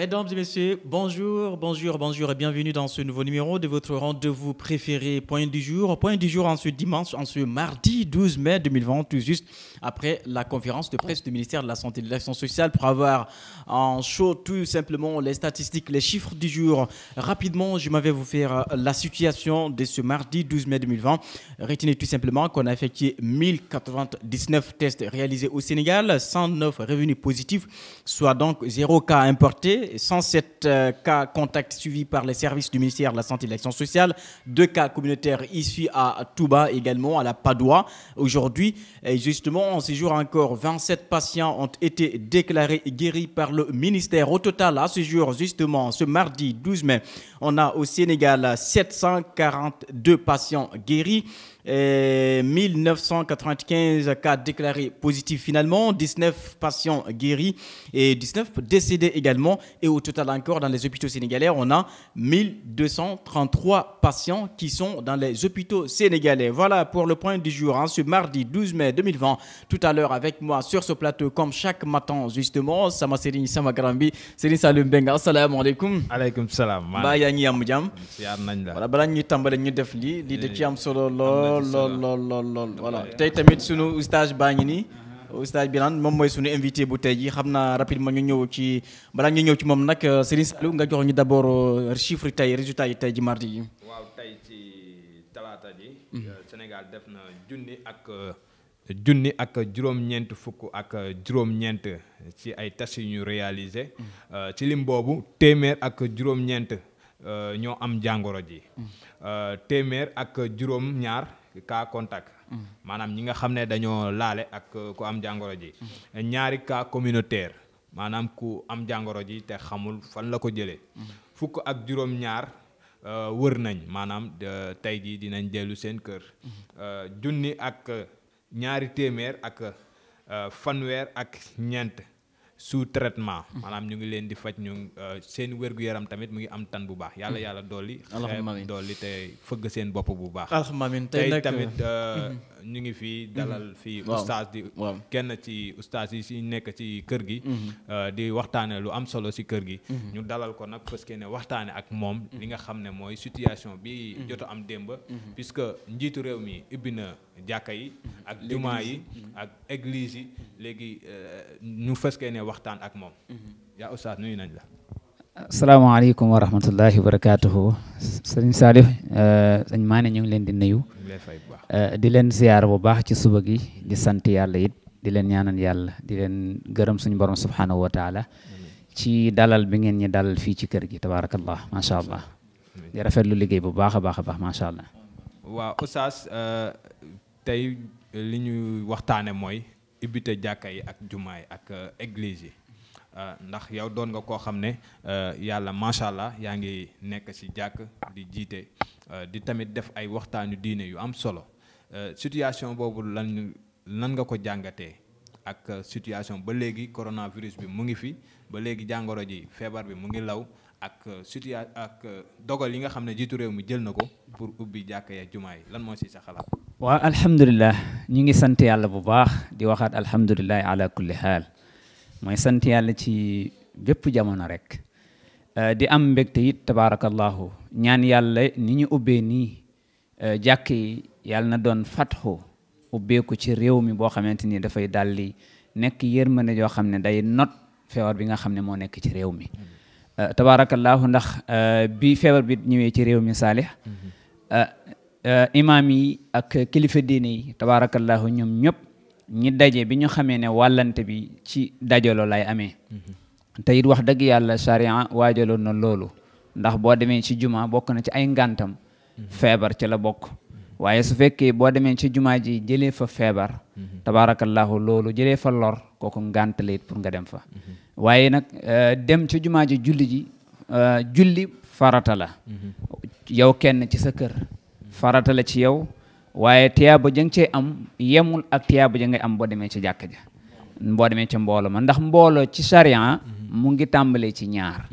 Mesdames et messieurs, bonjour, bonjour, bonjour et bienvenue dans ce nouveau numéro de votre rendez-vous préféré Point du jour. Point du jour en ce dimanche, en ce mardi 12 mai 2020, tout juste après la conférence de presse du ministère de la Santé et de l'Action sociale pour avoir en chaud tout simplement les statistiques, les chiffres du jour. Rapidement, je m'avais vous faire euh, la situation de ce mardi 12 mai 2020. Retenez tout simplement qu'on a effectué 1099 tests réalisés au Sénégal, 109 revenus positifs, soit donc 0 cas importés 107 euh, cas contacts suivis par les services du ministère de la Santé et de l'Action sociale, deux cas communautaires issus à Touba également, à la Padoua. aujourd'hui. justement, en ce jour encore, 27 patients ont été déclarés guéris par le ministère. Au total, à ce jour, justement, ce mardi 12 mai, on a au Sénégal 742 patients guéris. Et 1995 cas déclarés positifs finalement, 19 patients guéris et 19 décédés également. Et au total encore, dans les hôpitaux sénégalais, on a 1233 patients qui sont dans les hôpitaux sénégalais. Voilà pour le point du jour hein, ce mardi 12 mai 2020. Tout à l'heure avec moi sur ce plateau, comme chaque matin justement, Sama Sama Benga, assalamu alaikum. Alaikum salam. Ba lool lool lool lool lool voilà euh, tey tamit suñu stage baa ngi nii Oustaz euh, Birane moom mooy suñu invité bu tey ji xam naa rapidement ñu ñëw ci balaa ñu ñëw ci moom nag euh, Serigne Saliou nga jox ñu d' abord chiffre tey résultat yi tey ji mardi yi waaw tey ci talaata ji hmm. Sénégal def na junni ak junni ak juróom-ñeent fukk ak juróom-ñeent ci ay tâches yu ñu réalisé hmm. ci lim boobu téeméer ak juróom-ñeent ñoo am jàngoro ji hmm. téeméer ak juróom ñaar cas contact maanaam ñi nga xam ne dañoo laale ak uh, ku am jàngoro ji ñaari cas communautaire maanaam ku am jàngoro ji te xamul fan la ko jëlee fukk ak juróom ñaar uh, wër nañ maanaam tey jii dinañ dellu seen kër uh, junni ak ñaari téeméer ak fanweer ak ñeent sous traitement maanaam ñu ngi leen di faj ñu euh, seen wér-gu-yaram tamit mu ngi am tan bu baax yàlla hmm. yàlla dolli xeeb dolli te fëgg seen bopp bu baax alxamaamin tey tamit euh, euh, hmm. ñu ngi fii mhm. dalal fii oustaz di kenn ci oustaz yi si nekk ci kër gi mhm. euh, di waxtaane lu am solo si kër gi mhm. ñu dalal ko nag parce que ne waxtaane ak moom li nga xam ne mooy situation bi jot am démb puisque njiitu réew mi ibbi na jàkka yi ak jumaa yi ak église yi léegi euh, ñu fas ne waxtaan ak moom yaa oustaz nuyu nañ la asalaamaaleykum wa rahmatullahi wa barakaatuhu sëñ Salif euh, sëñ Maane ñu ngi leen di nuyu Euh, di leen ziyaar bu baax ci suba gi di sant yàlla it di leen ñaanal yàlla di leen gërëm suñu borom subhanahu wa taala ci dalal bi ngeen ñi dalal fii ci kër gi tabaarakallah macha allah di rafetlu liggéey bu baax a baax a baax macha allah. waaw Oustaz euh, tey li ñu waxtaane mooy ubbite jàkka yi ak jumaa yi ak euh, église yi. Euh, ndax yow doon nga koo xam ne euh, yàlla macha allah yaa ngi nekk ci jàkk di jiite euh, di tamit def ay waxtaanu diine yu am solo situation boobu lan lan nga ko jàngatee ak situation ba léegi coronavirus bi mu ngi fi ba léegi jàngoro ji feebar bi mu ngi law ak situa ak dogal yi nga xam ne jiitu réew mi jël na ko pour ubbi jàkka ya jumaa yi lan moo ci sa xalaat. waaw alhamdulilah ñu ngi sant yàlla bu baax di waxaat alhamdulilah ala kulli haal. moy sant yàlla ci bépp jamono rek di am mbégte it tabarakallah ñaan yàlla ni ñu ubbee ni jàkk yi yàlla na doon fatxu ko ci réew mi bo xamanteni da fay dalli nek yermane jo xamne day not feebar bi nga xamne mo nek ci réew mi tabarakallah ndax bi feebar bi ñewé ci réew mi salih imam yi ak kilifa diine tabarakallah ñom ñoom ñëpp ñi daje bi ñu xamee ne wàllante bi ci dajaloo lay amee te it wax dëgg yàlla charia waajaloon na loolu ndax boo demee ci juma bokk na ci ay ngàntam feebar ci la bokk waaye su fekkee boo demee ci jumaa ji jëlee fa feebar tabaarakallahu loolu jëlee fa lor kooku ngànt la it pour nga dem fa waaye nag euh, dem ci jumaa ji julli ji euh, julli farata la mhm. kenn ci sa kër farata la ci yow waaye tiyaaba ba nga cee am yemul ak tiyaaba ja ngay am boo demee ci jàkk ja boo demee ci mbooloo ma ndax mbooloo ci sariya mu ngi tàmbalee ci ñaar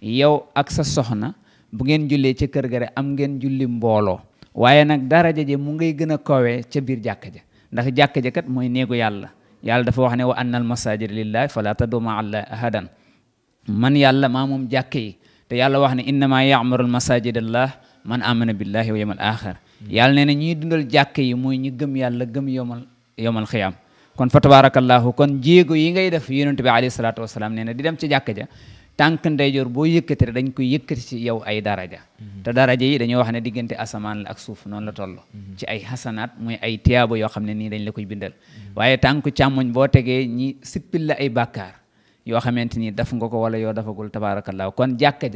yow ak sa soxna bu ngeen jullee ci kër ga rek am ngeen julli mbooloo waaye nag daraja je mu ngay gën a kawee ca biir jàkk ja ndax jàkk ja kat mooy néegu yàlla yàlla dafa wax ne wa anna al masajid lillahi fala tadu ma allah ahadan man yàlla ma moom jàkk yi te yàlla wax ne innama yaamuru al masajid allah man amana billahi wa yawmal axir yàlla nee na ñiy dundal jàkk yi mooy ñi gëm yàlla gëm yomal yomal xiyaam kon fa tabarakallahu kon jéego yi ngay def yonent bi alayhi salaatu wasalaam nee na di dem ci jàkk ja tànk ndeyjoor boo yëkkati dañ koy yëkkati ci yow ay daraja mm-hmm. te daraja yi dañoo wax ne diggante asamaan la ak suuf noonu la toll mm-hmm. ci ay xasanaat muy ay tiyaabo yoo xam ne nii dañ la koy bindal mm-hmm. waaye tànku càmmoñ boo tegee ñi sippil ay bàkkaar yoo xamante ni daf nga ko wala yoo dafagul tabarakallahu kon jàkka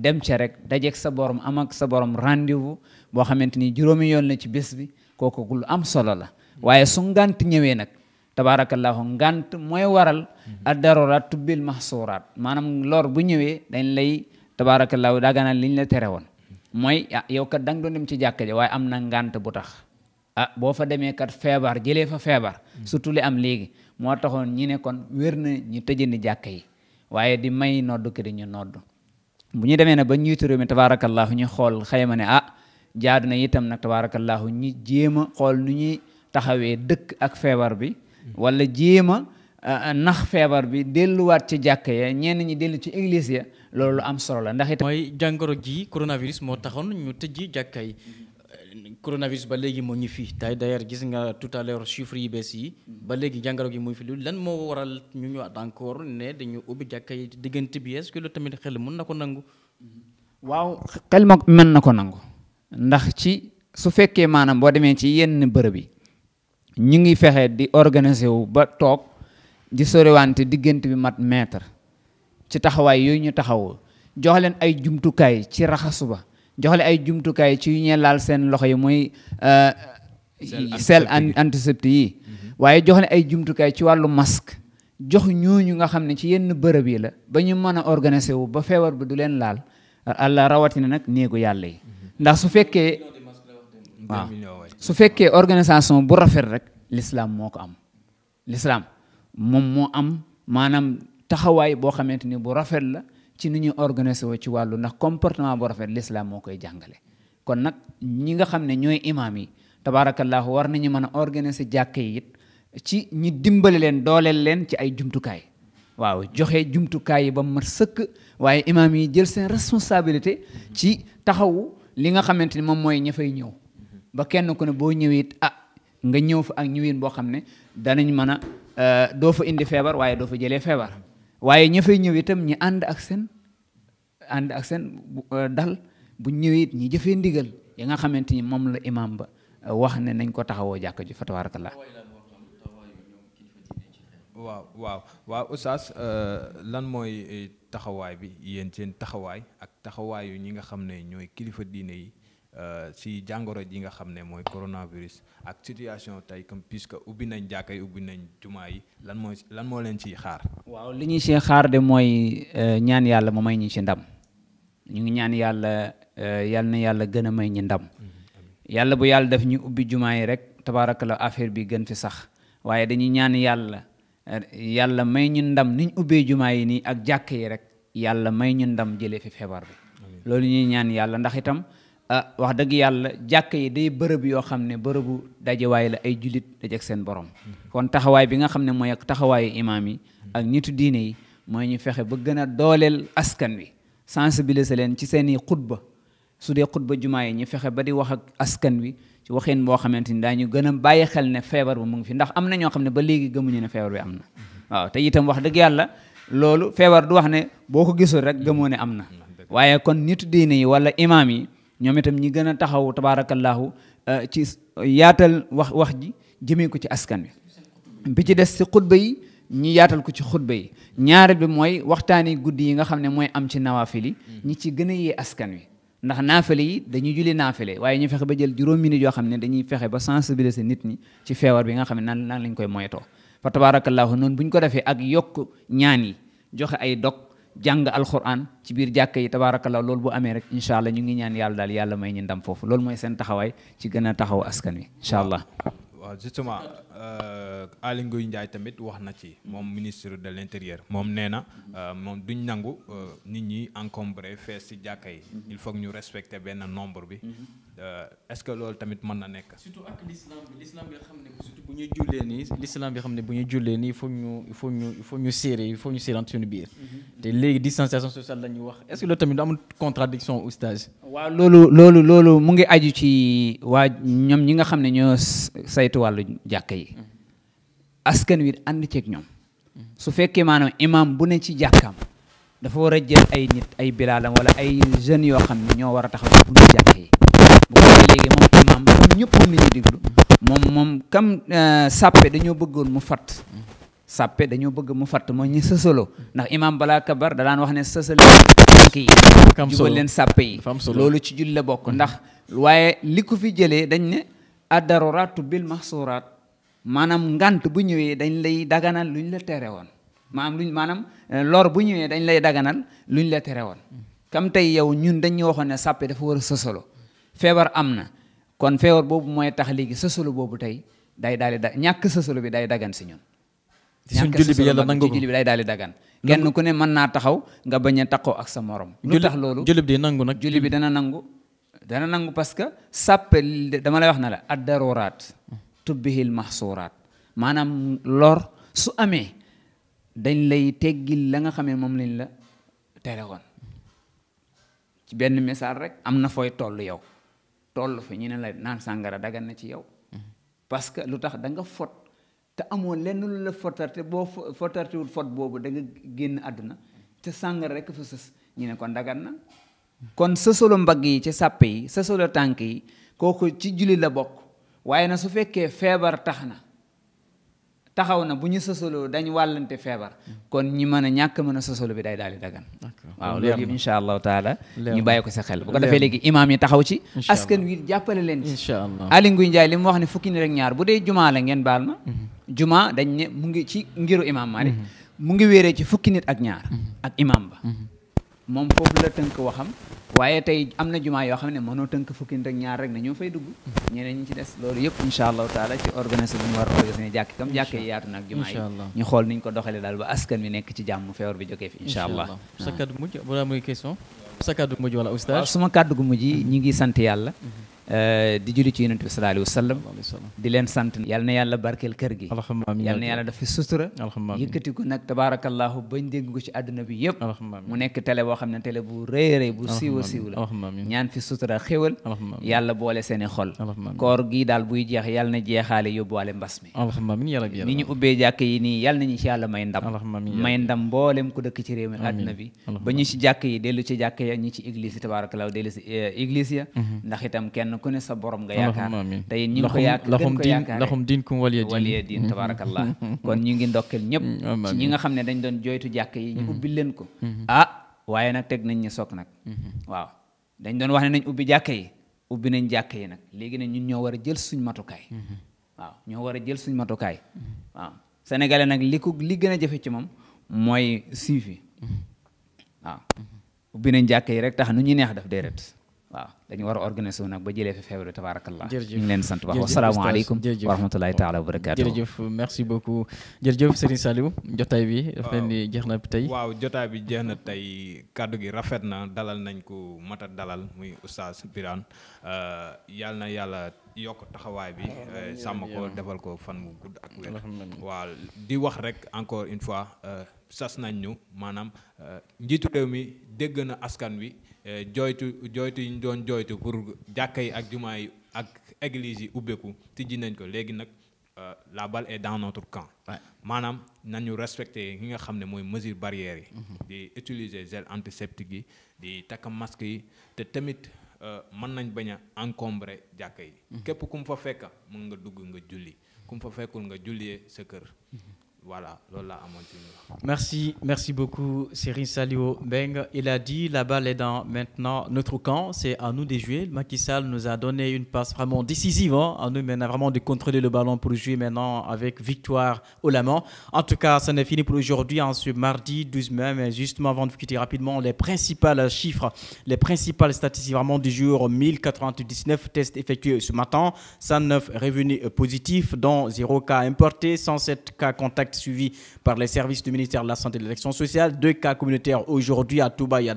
dem ca rek dajeeg sa borom am ak sa borom rendez-vous boo xamante ni juróomi yoon la ci bés bi kooku lu am solo la waaye su ngant ñëwee nag tabaarakallaahu ngant mooy waral ad daruraat tubbil mahsuraat maanaam lor bu ñëwee dañ lay tabaarakallaahu daaganaan liñ la tere woon mooy ah yow kat dang nga doon dem ci jàkka waaye am na ngant bu tax ah boo fa demee kat feebar jëlee fa feebar hmm. surtout li am léegi moo taxoon ñi ne kon wér na ñu tëjandi jàkk yi waaye di may nodd ki ñu nodd bu ñu demee ne ba njiitu réew mi tabaarakallaahu ñu xool xayma ne ah jaadu na itam nag tabaarakallaahu ñi jéem a xool nu ñuy taxawee dëkk ak feebar bi wala jéem a nax feebar bi delluwaat ci jàkk ya ñenn ñi dellu ci église ya loolu am solo la ndax itam mooy jàngoro ji coronavirus moo taxoon ñu te ji jàkk yi coronavirus ba léegi moo ñu fii tay d'ailleurs gis nga tout à bees yi mm-hmm. ba léegi jàngoro gi muy fi lu lan moo waral ñu ñëwaat encore ne dañu ubbi jàkka yi diggante bi est-ce que loolu tamit xel mën na ko nangu mm-hmm. waaw xel ma mën na ko nangu ndax ci su fekkee maanaam boo demee ci yenn bërëb yi ñu ngi fexe di organiser wu ba toog di soriwante diggante bi mat mètre ci taxawaay yooyu ñu taxawoo jox ay jumtukaay ci raxasu ba jox la ay jumtukaay ci yu ñee laal seen loxo yi mooy euh, sel antiseptique yi mm-hmm. waaye jox la ay jumtukaay ci wàllu masque jox ñooñu nga xam ne ci yenn bërëb yi la ba ñu mën a organiser wu ba feebar bi du leen laal allah rawatina nag néegu yàlla yi mm-hmm. ndax su fekkee waaw su fekkee organisation bu rafet rek lislaam moo ko am l'islam moom moo am maanaam taxawaay boo xamante ni bu rafet la ci ni ñuy organisé woo ci wàllu ndax comportement bu rafet l'islam moo koy jàngale kon nag ñi nga xam ne ñooy imaam yi tabaarakallaahu war nañu mën a organiser jàkk yi it ci ñi dimbale leen dooleel leen ci ay jumtukaay waaw joxe jumtukaay yi ba mu mat sëkk waaye imam yi jël seen responsabilité ci taxawu li nga xamante ni moom mooy ña fay ñëw ba kenn ku ne boo ñëwee it ah, nga ñëw fa ak ñëwin boo xam ne danañ mën a euh, doo fa indi feebar waaye doo fa jëlee feebar waaye ña fay ñëw itam ñi ànd ak seen ànd ak seen euh, dal bu ñëwee it ñi jëfee ndigal yi nga xamante ni moom la imaam ba euh, wax ne nañ ko taxawoo jàkk ji fa tabarakallah waaw waaw waaw oustaz euh, lan mooy taxawaay bi yéen seen taxawaay ak taxawaayu ñi nga xam ne ñooy kilifa diine yi si euh, jàngoro ji nga xam ne mooy coronavirus ak situation tey comme ubbi nañ jàkk yi ubbi nañ jumaa yi lan mooy lan moo leen ciy xaar. waaw li ñuy see xaar de mooy euh, ñaan yàlla mu may ñu si ndam ñu ngi ñaan yàlla euh, yal na yàlla gën a may ñu ndam mhm, yàlla bu yàlla def ñu ubbi jumaa yi rek tabaaraka la affaire bi gën fi sax waaye dañuy ñaan yàlla. yàlla may ñu ndam niñ ubbee jumaa yi nii ak jàkk yi rek yàlla may ñu ndam jëlee fi feebar bi loolu ñuy ñaan yàlla ndax wax dëgg yàlla jàkk yi day bërëb yoo xam ne dajewaay la ay jullit dajeek seen borom kon taxawaay bi nga xam ne mooy ak taxawaayu imaam yi ak ñitu diine yi mooy ñu fexe ba gën a dooleel askan wi sensibiliser leen ci seeni xutba su dee xutba jumaa yi ñu fexe ba di wax ak askan wi ci waxin boo xamante ni daañu gën a bàyyi xel ne feebar bi mu ngi fi ndax am na ñoo xam ne ba léegi ne feebar bi am waaw te itam wax dëgg yàlla loolu feebar du wax ne boo gisul rek gëmoo ne am na kon nitu diine yi wala imaam yi ñoom itam ñi gën a taxaw tabaarakallaahu euh, ci yaatal wax wax ji jëmee ko ci askan wi bi ci des si xutba yi ñi yaatal ko ci xutba yi ñaareel bi mooy waxtaani guddi yi nga xam ne mooy am ci nawaafili hmm. ñi ci gën a yee askan wi ndax naafale yi dañuy julli naafale waaye ñu fexe ba jël juróom minutes yoo xam ne dañuy fexe ba sensibiliser nit ñi ci feebar bi nga xam ne nan nan lañ koy moytoo fa tabaarakallaahu noonu bu ko defee ak yokk ñaan yi joxe ay dog jàng alxuraan ci biir jàkka yi tabaarakallah loolu bu amee rek incha allah ñu ngi ñaan yàlla daal yàlla may ñu ndam foofu loolu mooy seen taxawaay ci gën a taxaw askan wi incha allah. waaw justement euh, Aly Ngouille Ndiaye tamit wax na ci moom ministre de l' intérieur moom nee na euh, moom duñ nangu euh, nit ñi encombré fees ci jàkka yi. il faut ñu respecter benn nombre bi. Mm-hmm. Euh, est-ce que loolu tamit mën na nekk. surtout ak l'islam bi l'islam bu ñu jullee nii l'islam bi xam ne bu ñu jullee nii il ñu il faut ñu il faut ñu serré il faut ñu serrante suñu biir. Mm-hmm. te léegi distanciation sociale la ñuy wax est-ce que loolu tamit amul contradiction oustaz. waaw loolu loolu loolu mu ngi aju ci waa ñoom ñi nga xam ne ñoo saytu wàllu jàkka yi. Mm-hmm. askan wi ànd ceeg ñoom. su fekkee maanaam imam bu ne ci jàkkaam. dafa war a jël ay nit ay bilaalam wala ay jeunes yoo xam ne ñoo war a tax yi. bu moom imaam loolu ñëpp moom la ñuy moom moom kam euh, sàppe dañoo bëggoon mu fatt sàppe dañoo bëgg mu fatt mooy ñi sësaloo ndax imaam balaa kabar da daan wax ne sësaloo tànk yi jubal leen sàppe yi loolu ci julle bokk ndax waaye li ko fi jëlee dañ ne addaruraatu bil maxsuraat maanaam ngant bu ñëwee dañ lay daganal lu ñu la tere woon maanaam luñ maanaam euh, lor bu ñëwee dañ lay daganal lu ñu la tere woon kam tey yow ñun dañu waxoon ne sàppe dafa war a sësaloo febar amna, kon febar bobu moy tax léegi sësulu bobu tay day dalé di da ñàkk bi day dagan ci ñun. ci suñ julli bi yalla nangugo julli bi day dalé dagan. kenn ku ne man na taxaw nga bañ a ak sa morom. lu tax loolu julli bi nangu nak julli bi dana nangu dana nangu parce que sàppe dama lay wax na la addaroraat tubbihil mahsurat manam lor su amé dañ lay teggil la nga xamé mom lañ la tere ci benn message rek amna foy tollu yow. toll fi ñu ne la naan sàngara dagan na ci yow parce que lu tax danga fot te amoon lenn lu la fotarte boo fotartewul fot boobu danga génn àdduna te sàngara rek fa sës ñu ne kon dagan na kon sa solo mbagg yi ci sàppe yi sa solo tànk yi kooku ci julli la bokk waaye na su fekkee feebar tax na taxaw na bu ñu sosoloo dañ wàllante feebar kon ñi mën a ñàkk mën a sosolo bi day daal di dagan waaw loolu yëpp insha allahu taala ñu bàyyi ko sa xel bu ko defee léegi imaam yi taxaw ci askan wi jàppale leen ci Aly Ngouille Ndiaye li mu wax ne fukki ni rek ñaar bu dee jumaa la ngeen baal ma mhm. jumaa dañ ne mu ngi ci ngiru imaam Malik mhm. mu ngi wéeree ci fukki nit ak ñaar mhm. ak imaam ba moom foofu la tënk waxam waaye tey am na jumaa yoo xam ne mënoo tënk fukki nit ñaar rek na ñoo fay dugg ñeneen ñi ci des loolu yëpp insha allahu taala ci organisé bu ñu war organisé jàkki kam jàkke yaatu nag jumaa yi ñu xool niñ ko doxalee daal ba askan mi nekk ci jàmm feewar bi jogee fi insha allah sa kàddu mujj wala muy question sa kàddu mujj wala oustaz suma kàddu gu mujj ñi ngi sant yàlla mhm. Eh, di julli ci yonent bi sallallahu alayhi wa sallam di leen sant yal na yàlla barkeel kër gi yal na yàlla daf fi sutura yëkkati ko nag tabaarakallaahu bañ dégg ko ci àdduna bi yëpp mu nekk télé boo xam ne télé bu rëy rëy bu siiw a siiw la ñaan fi sutura xéwal yàlla boole seeni xol koor gi daal buy jeex yal na jeexaale yóbbuwaale mbas mi ni ñu ubbee jàkk yi nii yal nañu ci yàlla may ndam may ndam mboolem ku dëkk ci réew mi àdduna bi ba ñu ci jàkk yi dellu ci jàkk ya kenn ku ne sa borom nga yaakaar te yéen ñu ngi ko yaakaar laxum diin laxum diin kum waliya diin tabarakallah kon ñu ngi ndokkeel ñëpp ñi nga xam ne dañ doon jooytu jàkk yi ñu mm-hmm. ubbi leen ko mm-hmm. ah waaye nag teg nañ ñu soog nag mm-hmm. waaw dañ doon wax ne nañ ubbi jàkk yi ubbi nañ jàkk yi nag léegi ne ñun ñoo war a jël suñ matukaay waaw ñoo war a jël matukaay waaw sénégalais nag li ko li gën a jafe ci moom mooy suivi waaw ubbi nañ jàkk yi rek tax nu ñu neex daf déedéet waaw dañu war a organiser nag ba jëlee fi feebar bi tabaarakallah ñu ngi leen sant baax wasalaamaaleykum wa rahmatulahi taala wa barakaatu jërëjëf merci beaucoup jërëjëf Serigne Saliou jotaay bi daf leen jeex na tey waaw jotaay bi jeex na tey kàddu gi rafet na dalal nañ ko mata dalal muy oustaz Birane euh, yàlla na yàlla yokk taxawaay bi euh, sàmm ko defal ko fan mu gudd ak wér waaw di wax rek encore une fois euh, sas nañ ñu maanaam njiitu réew mi dégg na askan wi Eh, jooytu jooytu yi ñu doon jooytu pour jàkka ak jumaa yi ak église yi ubbeeku tijji nañ ko léegi nag euh, la balle est dans notre camp. maanaam nañu respecté yi nga xam ne mooy mesure barrière yi. Mhm. di utiliser gel antiseptique yi di takk masque yi te tamit euh, mën nañ bañ a encombrer jàkka yi. Mhm. képp ku mu fa fekk mën nga dugg nga julli ku mu fa fekkul nga jullee sa kër. Mhm voilà, merci merci beaucoup Cyril Salio beng il a dit la balle est dans maintenant notre camp c'est à nous de jouer Macky Sall nous a donné une passe vraiment décisive hein. à nous maintenant vraiment de contrôler le ballon pour jouer maintenant avec victoire au Laman en tout cas ça n'est fini pour aujourd'hui en hein, ce mardi 12 mai mais justement avant de quitter rapidement les principales chiffres les principales statistiques vraiment du jour 1099 tests effectués ce matin 109 revenus positifs dont 0 cas importés 107 cas contacts suivi par les services du ministère de la Santé et de l'Action sociale. Deux cas communautaires aujourd'hui à Touba et à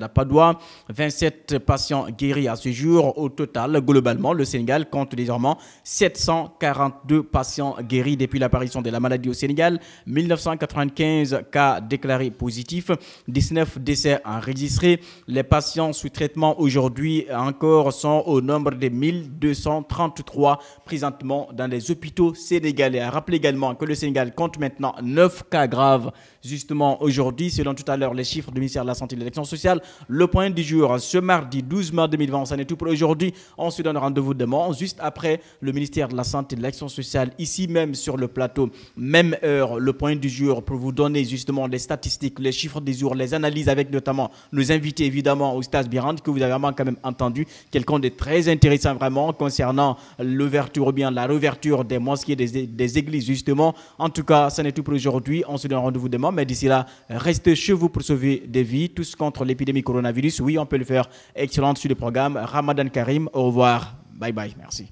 27 patients guéris à ce jour. Au total, globalement, le Sénégal compte désormais 742 patients guéris depuis l'apparition de la maladie au Sénégal. 1995 cas déclarés positifs. 19 décès enregistrés. Les patients sous traitement aujourd'hui encore sont au nombre de 1233 présentement dans les hôpitaux sénégalais. Rappelez également que le Sénégal compte maintenant 9 cas graves, justement, aujourd'hui, selon tout à l'heure les chiffres du ministère de la Santé et de l'Action sociale. Le point du jour, ce mardi 12 mars 2020, ça n'est tout pour aujourd'hui. On se donne rendez-vous demain, juste après le ministère de la Santé et de l'Action sociale, ici même sur le plateau, même heure, le point du jour, pour vous donner justement les statistiques, les chiffres des jours, les analyses, avec notamment nos invités, évidemment, au stade Birand, que vous avez vraiment quand même entendu, quelqu'un de très intéressant vraiment concernant l'ouverture ou bien la réouverture des mosquées, des, des églises, justement. En tout cas, ça n'est tout pour aujourd'hui. On se donne rendez-vous demain. Mais d'ici là, restez chez vous pour sauver des vies. Tous contre l'épidémie coronavirus. Oui, on peut le faire. excellent sur le programme. Ramadan Karim. Au revoir. Bye bye. Merci.